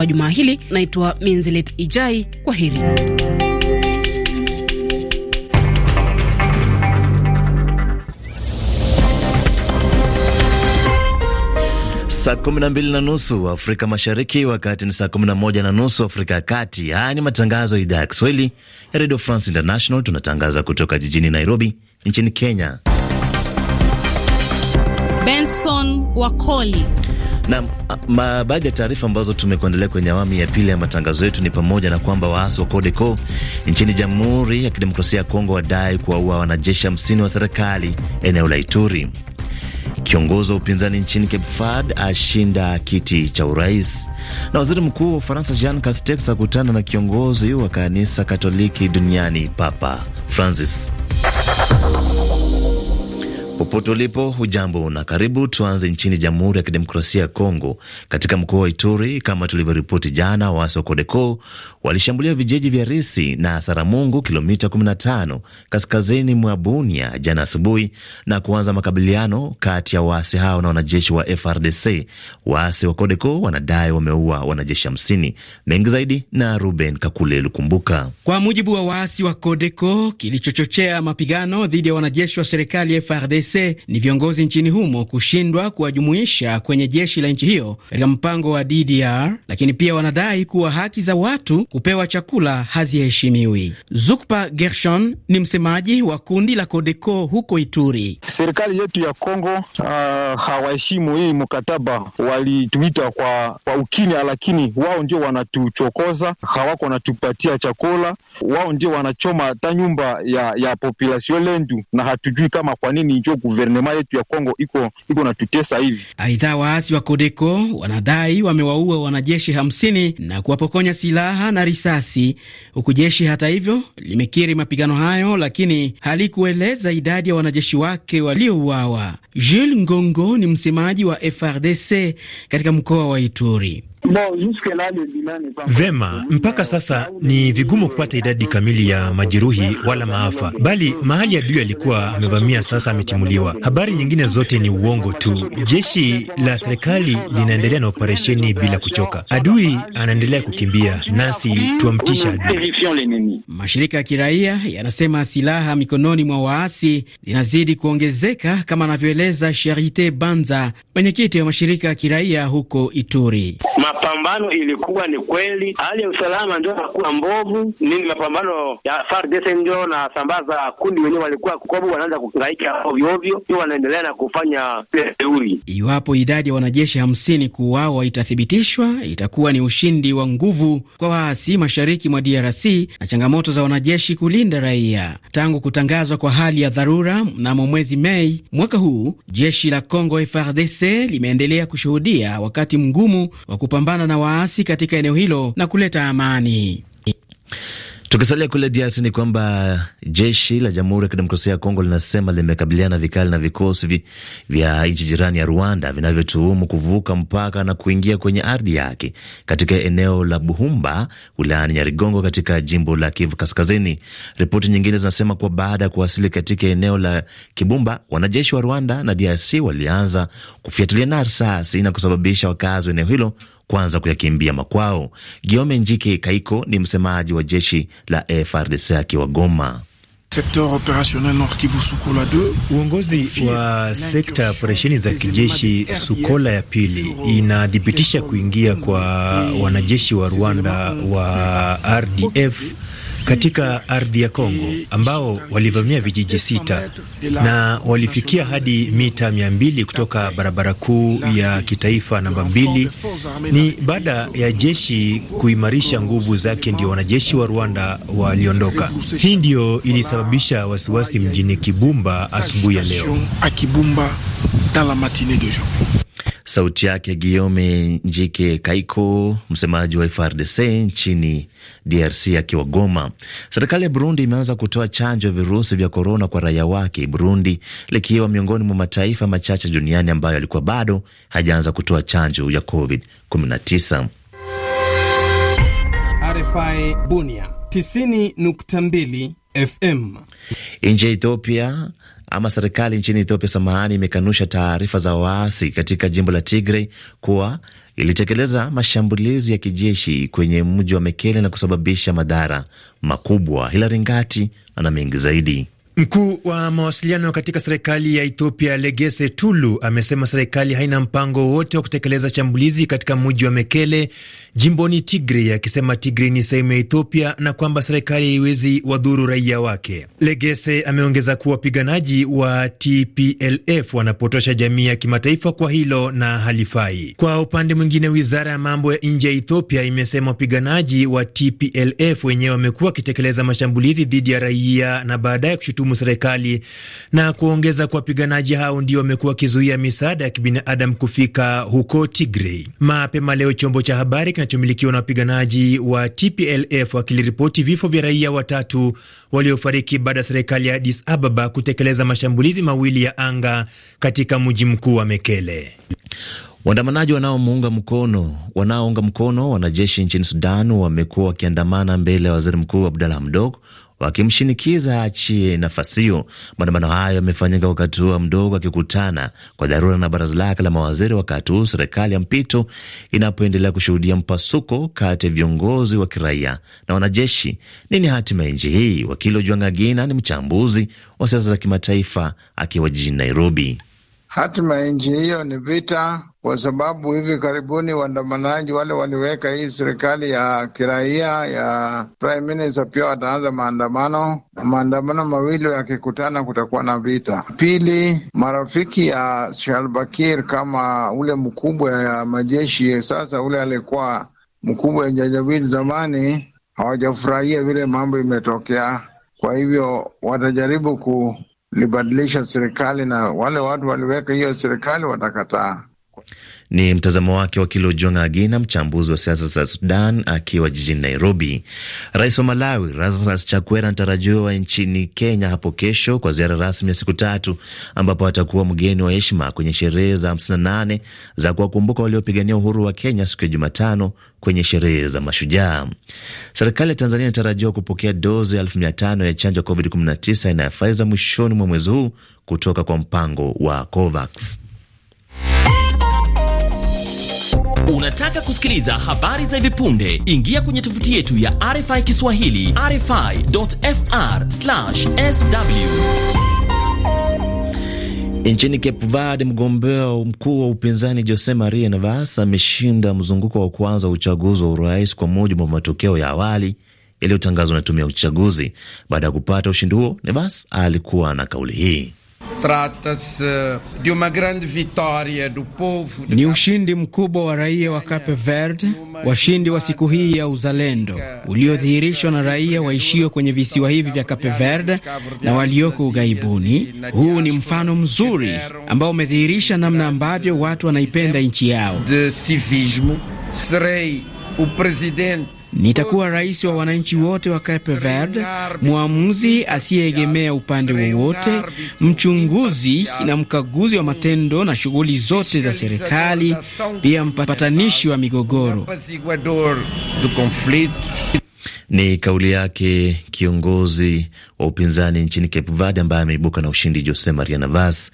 wa jumaa hili. Naitwa Minzilet Ijai, kwa heri. Saa 12 na nusu Afrika Mashariki, wakati ni saa 11 na nusu Afrika ya Kati. Haya ni matangazo ya idhaa ya Kiswahili ya Radio France International. Tunatangaza kutoka jijini Nairobi, nchini Kenya. Benson Wakoli na baadhi ya taarifa ambazo tumekuandalia kwenye awamu ya pili ya matangazo yetu ni pamoja na kwamba waasi wa CODECO nchini Jamhuri ya Kidemokrasia ya Kongo wadai kuwaua wanajeshi hamsini wa serikali eneo la Ituri. Kiongozi wa upinzani nchini Cape Verde ashinda kiti cha urais, na waziri mkuu wa Ufaransa Jean Castex akutana na kiongozi wa kanisa Katoliki duniani Papa Francis. Popote ulipo, hujambo na karibu. Tuanze nchini Jamhuri ya Kidemokrasia ya Kongo, katika mkoa wa Ituri. Kama tulivyoripoti jana, waasi wa Kodeko walishambulia vijiji vya Risi na Saramungu, kilomita 15 kaskazini mwa Bunia jana asubuhi, na kuanza makabiliano kati ya waasi hao na wanajeshi wa FRDC. Waasi wa Kodeko wanadai wameua wanajeshi hamsini Mengi zaidi na Ruben Kakule Lukumbuka. Kwa mujibu wa waasi wa Kodeko, kilichochochea mapigano dhidi ya wanajeshi wa serikali FRDC FARDC ni viongozi nchini humo kushindwa kuwajumuisha kwenye jeshi la nchi hiyo katika mpango wa DDR, lakini pia wanadai kuwa haki za watu kupewa chakula haziheshimiwi. Zukpa Gershon ni msemaji wa kundi la CODECO huko Ituri. Serikali yetu ya Kongo uh, hawaheshimu hii mkataba, walituita kwa, kwa ukini, lakini wao ndio wanatuchokoza, hawako wanatupatia chakula, wao ndio wanachoma hata nyumba ya, ya populasio lendu, na hatujui kama kwa nini njo sababu guvernema yetu ya Kongo iko iko natutesa hivi. Aidha, waasi wa Kodeko wanadai wamewaua wanajeshi hamsini na kuwapokonya silaha na risasi, huku jeshi hata hivyo limekiri mapigano hayo, lakini halikueleza idadi ya wanajeshi wake waliouawa. Jules Ngongo ni msemaji wa FRDC katika mkoa wa Ituri. Vema, mpaka sasa ni vigumu kupata idadi kamili ya majeruhi wala maafa, bali mahali adui alikuwa amevamia sasa ametimuliwa. Habari nyingine zote ni uongo tu. Jeshi la serikali linaendelea na operesheni bila kuchoka. Adui anaendelea kukimbia, nasi tuamtisha adui. Mashirika ya kiraia yanasema silaha mikononi mwa waasi linazidi kuongezeka, kama anavyoeleza Sharite Banza, mwenyekiti wa mashirika ya kiraia huko Ituri. Ma mapambano ilikuwa ni kweli, hali ya usalama ndio nakuwa mbovu nini, mapambano ya FARDC ndio na sambaza kundi wenyewe walikuwa kobu wanaanza kukangaika ovyo ovyo, ndio wanaendelea na kufanya teuri. Iwapo idadi ya wanajeshi hamsini kuuawa itathibitishwa, itakuwa ni ushindi wa nguvu kwa waasi mashariki mwa DRC na changamoto za wanajeshi kulinda raia. Tangu kutangazwa kwa hali ya dharura mnamo mwezi Mei mwaka huu, jeshi la Congo FARDC limeendelea kushuhudia wakati mgumu wa kupambana na waasi katika eneo hilo na kuleta amani. Tukisalia kule DRC ni kwamba jeshi la Jamhuri ya Kidemokrasia ya Kongo linasema limekabiliana vikali na vikosi vya nchi jirani ya Rwanda vinavyotuhumu kuvuka mpaka na kuingia kwenye ardhi yake katika eneo la Buhumba wilayani Nyarigongo katika jimbo la Kivu Kaskazini. Ripoti nyingine zinasema kuwa baada ya kuwasili katika eneo la Kibumba, wanajeshi wa Rwanda na DRC walianza kufiatilia na risasi na kusababisha wakazi wa eneo hilo kuanza kuyakimbia makwao. Giome Njike Kaiko ni msemaji wa jeshi la frdc akiwa Goma. Uongozi wa sekta ya operesheni za kijeshi Sukola ya pili inathibitisha kuingia kwa wanajeshi wa Rwanda wa RDF katika ardhi ya Kongo ambao walivamia vijiji sita na walifikia hadi mita mia mbili kutoka barabara kuu ya kitaifa namba mbili. Ni baada ya jeshi kuimarisha nguvu zake, ndio wanajeshi wa Rwanda waliondoka. Hii ndio ilis kusababisha wasiwasi mjini Kibumba asubuhi ya leo. Sauti yake Guillaume Njike Kaiko, msemaji wa FRDC nchini DRC akiwa Goma. Serikali ya Burundi imeanza kutoa chanjo ya virusi vya korona kwa raia wake, Burundi likiwa miongoni mwa mataifa machache duniani ambayo yalikuwa bado hajaanza kutoa chanjo ya COVID-19. RFI Bunia 90.2 FM. Nje Ethiopia ama serikali nchini Ethiopia, samahani, imekanusha taarifa za waasi katika jimbo la Tigray kuwa ilitekeleza mashambulizi ya kijeshi kwenye mji wa Mekele na kusababisha madhara makubwa. Hilaringati ana mengi zaidi. Mkuu wa mawasiliano katika serikali ya Ethiopia legese Tulu amesema serikali haina mpango wowote wa kutekeleza shambulizi katika mji wa Mekele jimboni tigri akisema tigri ni sehemu ya Ethiopia na kwamba serikali haiwezi wadhuru raia wake. legese ameongeza kuwa wapiganaji wa TPLF wanapotosha jamii ya kimataifa kwa hilo na halifai. Kwa upande mwingine, wizara ya mambo ya nje ya Ethiopia imesema wapiganaji wa TPLF wenyewe wamekuwa wakitekeleza mashambulizi dhidi ya raia na baadaye kushutumu kuituhumu serikali na kuongeza kwa wapiganaji hao ndio wamekuwa wakizuia misaada ya kibinadamu kufika huko tigrey Mapema leo chombo cha habari kinachomilikiwa na wapiganaji wa TPLF wakiliripoti vifo vya raia watatu waliofariki baada ya serikali ya Addis Ababa kutekeleza mashambulizi mawili ya anga katika mji mkuu wa Mekele. Waandamanaji wanaounga mkono wanaounga mkono wanajeshi nchini Sudan wamekuwa wakiandamana mbele ya waziri mkuu Abdalla Hamdok wakimshinikiza achie nafasi hiyo. Maandamano hayo yamefanyika wakati huo mdogo akikutana kwa dharura na baraza lake la mawaziri, wakati huu serikali ya mpito inapoendelea kushuhudia mpasuko kati ya viongozi wa kiraia na wanajeshi. Nini hatima ya nchi hii? Wakili Ojwanga Gina ni mchambuzi wa siasa za kimataifa akiwa jijini Nairobi. Hatima ya nchi hiyo ni vita kwa sababu hivi karibuni waandamanaji wale waliweka hii serikali ya kiraia ya prime minister pia wataanza maandamano. na Maandamano mawili yakikutana, kutakuwa na vita. Pili, marafiki ya Shalbakir kama ule mkubwa ya majeshi sasa, ule alikuwa mkubwa ya Janjaweed zamani, hawajafurahia vile mambo imetokea. Kwa hivyo watajaribu kulibadilisha serikali, na wale watu waliweka hiyo serikali watakataa. Ni mtazamo wake wakili Ojuanga Agina, mchambuzi wa siasa za Sudan, akiwa jijini Nairobi. Rais wa Malawi Lazarus Chakwera anatarajiwa nchini Kenya hapo kesho kwa ziara rasmi ya siku tatu, ambapo atakuwa mgeni wa heshima kwenye sherehe za 58 za kuwakumbuka waliopigania uhuru wa Kenya siku ya Jumatano kwenye sherehe za Mashujaa. Serikali ya Tanzania inatarajiwa kupokea dozi elfu mia tano ya chanjo ya COVID-19 inayofaiza mwishoni mwa mwezi huu kutoka kwa mpango wa COVAX. Unataka kusikiliza habari za hivi punde? Ingia kwenye tovuti yetu ya RFI Kiswahili, rfi.fr/sw. Nchini Cape Verde, mgombea mkuu wa upinzani Jose Maria Navas ameshinda mzunguko wa kwanza wa uchaguzi wa urais kwa mujibu wa matokeo ya awali yaliyotangazwa na tume ya uchaguzi. Baada ya kupata ushindi huo, Navas alikuwa na kauli hii. Trata-se eh, de uma grande vitória do povo. Ni ushindi mkubwa wa raia wa Cape Verde, washindi wa siku hii ya uzalendo uliodhihirishwa na raia waishio kwenye visiwa hivi vya Cape Verde na walioko ughaibuni. Huu ni mfano mzuri ambao umedhihirisha namna ambavyo watu wanaipenda nchi yao. de civismo serei o presidente Nitakuwa rais wa wananchi wote wa Cape Verde, mwamuzi asiyeegemea upande wowote, mchunguzi na mkaguzi wa matendo na shughuli zote za serikali, pia mpatanishi wa migogoro. Ni kauli yake kiongozi wa upinzani nchini Cape Verde ambaye ameibuka na ushindi Jose Maria Navas.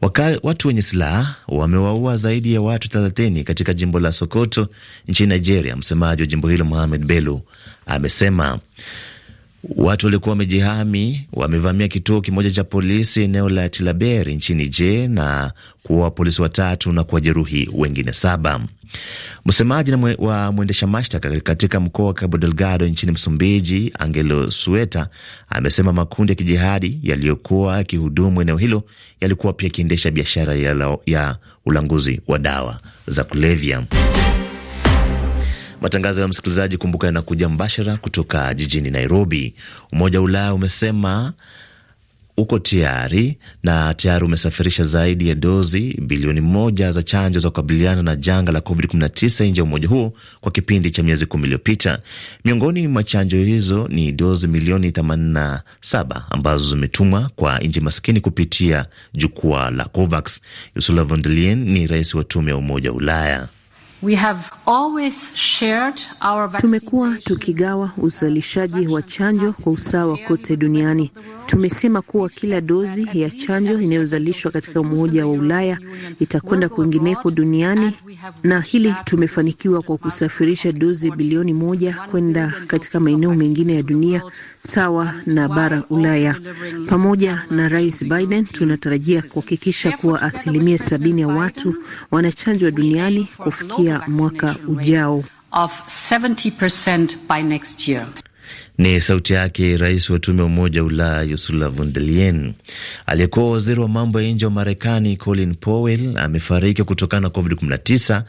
Waka, watu wenye silaha wamewaua zaidi ya watu thelathini katika jimbo la Sokoto nchini Nigeria. Msemaji wa jimbo hilo Mohamed Bello amesema Watu walikuwa wamejihami wamevamia kituo kimoja cha polisi eneo la Tilaberi nchini Je na kuua polisi watatu na kuwajeruhi wengine saba. Msemaji wa mwendesha mashtaka katika mkoa wa Cabo Delgado nchini Msumbiji, Angelo Sueta, amesema makundi ya kijihadi yaliyokuwa yakihudumu eneo hilo yalikuwa pia yakiendesha biashara ya, ya ulanguzi wa dawa za kulevya. Matangazo ya msikilizaji, kumbuka, yanakuja mbashara kutoka jijini Nairobi. Umoja wa Ulaya umesema uko tayari na tayari umesafirisha zaidi ya dozi bilioni moja za chanjo za kukabiliana na janga la COVID-19 nje ya umoja huo kwa kipindi cha miezi kumi iliyopita. Miongoni mwa chanjo hizo ni dozi milioni 87 ambazo zimetumwa kwa nchi maskini kupitia jukwaa la COVAX. Ursula von der Leyen ni rais wa tume ya umoja wa Ulaya. Tumekuwa tukigawa uzalishaji wa chanjo kwa usawa kote duniani. Tumesema kuwa kila dozi ya chanjo inayozalishwa katika Umoja wa Ulaya itakwenda kwingineko duniani, na hili tumefanikiwa kwa kusafirisha dozi bilioni moja kwenda katika maeneo mengine ya dunia sawa na bara Ulaya. Pamoja na Rais Biden, tunatarajia kuhakikisha kuwa asilimia sabini ya watu wanachanjwa duniani kufikia mwaka ujao. Ni sauti yake rais wa tume wa Umoja wa Ulaya Ursula von der Leyen. Aliyekuwa waziri wa mambo ya nje wa Marekani Colin Powell amefariki kutokana na COVID-19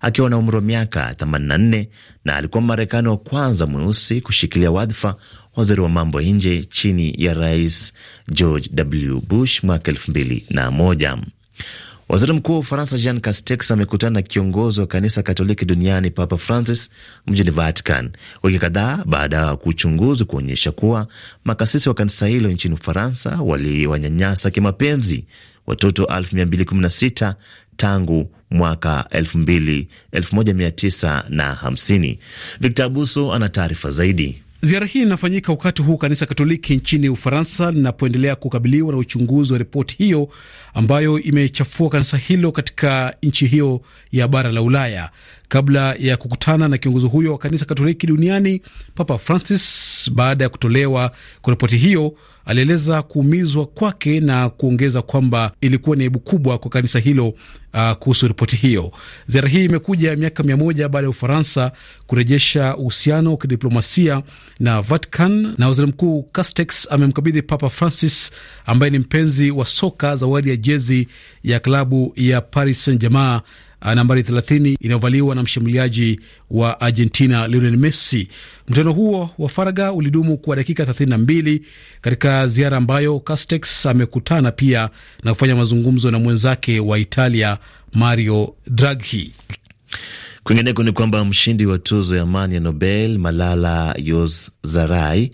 akiwa na umri wa miaka 84 na alikuwa Marekani wa kwanza mweusi kushikilia wadhifa waziri wa mambo ya nje chini ya rais George W Bush mwaka 2001. Waziri Mkuu wa Ufaransa Jean Castex amekutana na kiongozi wa kanisa Katoliki duniani Papa Francis mjini Vatican wiki kadhaa baada ya kuchunguzi kuonyesha kuwa makasisi wa kanisa hilo nchini Ufaransa waliwanyanyasa kimapenzi watoto 216 tangu mwaka 1950. Victor Abuso ana taarifa zaidi. Ziara hii inafanyika wakati huu kanisa Katoliki nchini Ufaransa linapoendelea kukabiliwa na uchunguzi wa ripoti hiyo ambayo imechafua kanisa hilo katika nchi hiyo ya bara la Ulaya. Kabla ya kukutana na kiongozi huyo wa kanisa Katoliki duniani, Papa Francis, baada ya kutolewa kwa ripoti hiyo alieleza kuumizwa kwake na kuongeza kwamba ilikuwa ni aibu kubwa kwa kanisa hilo. Uh, kuhusu ripoti hiyo, ziara hii imekuja miaka mia moja baada ya Ufaransa kurejesha uhusiano wa kidiplomasia na Vatican, na waziri mkuu Castex amemkabidhi Papa Francis ambaye ni mpenzi wa soka zawadi ya jezi ya klabu ya Paris Saint-Germain Ah, nambari 30 inayovaliwa na mshambuliaji wa Argentina Lionel Messi. Mtendo huo wa faraga ulidumu kwa dakika 32 katika ziara ambayo Castex amekutana pia na kufanya mazungumzo na mwenzake wa Italia Mario Draghi. Kwingineko ni kwamba mshindi wa tuzo ya amani ya Nobel Malala Yousafzai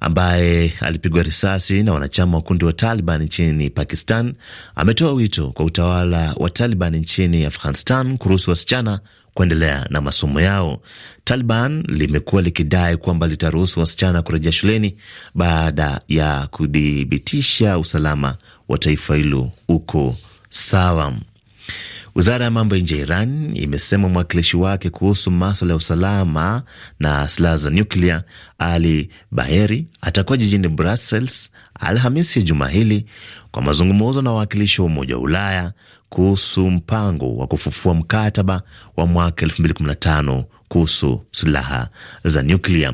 ambaye alipigwa risasi na wanachama wa kundi wa Taliban nchini Pakistan ametoa wito kwa utawala wa Taliban nchini Afghanistan kuruhusu wasichana kuendelea na masomo yao. Taliban limekuwa likidai kwamba litaruhusu wasichana kurejea shuleni baada ya kudhibitisha usalama wa taifa hilo uko sawa. Wizara ya mambo ya nje ya Iran imesema mwakilishi wake kuhusu maswala ya usalama na silaha za nyuklia Ali Baheri atakuwa jijini Brussels Alhamisi ya juma hili kwa mazungumzo na wawakilishi wa Umoja wa Ulaya kuhusu mpango wa kufufua mkataba wa mwaka 2015 kuhusu silaha za nyuklia.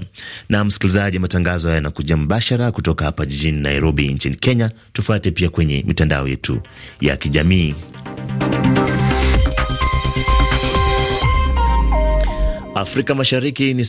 Na msikilizaji, matangazo haya yanakuja mbashara kutoka hapa jijini Nairobi nchini Kenya. Tufuate pia kwenye mitandao yetu ya kijamii. Afrika Mashariki ni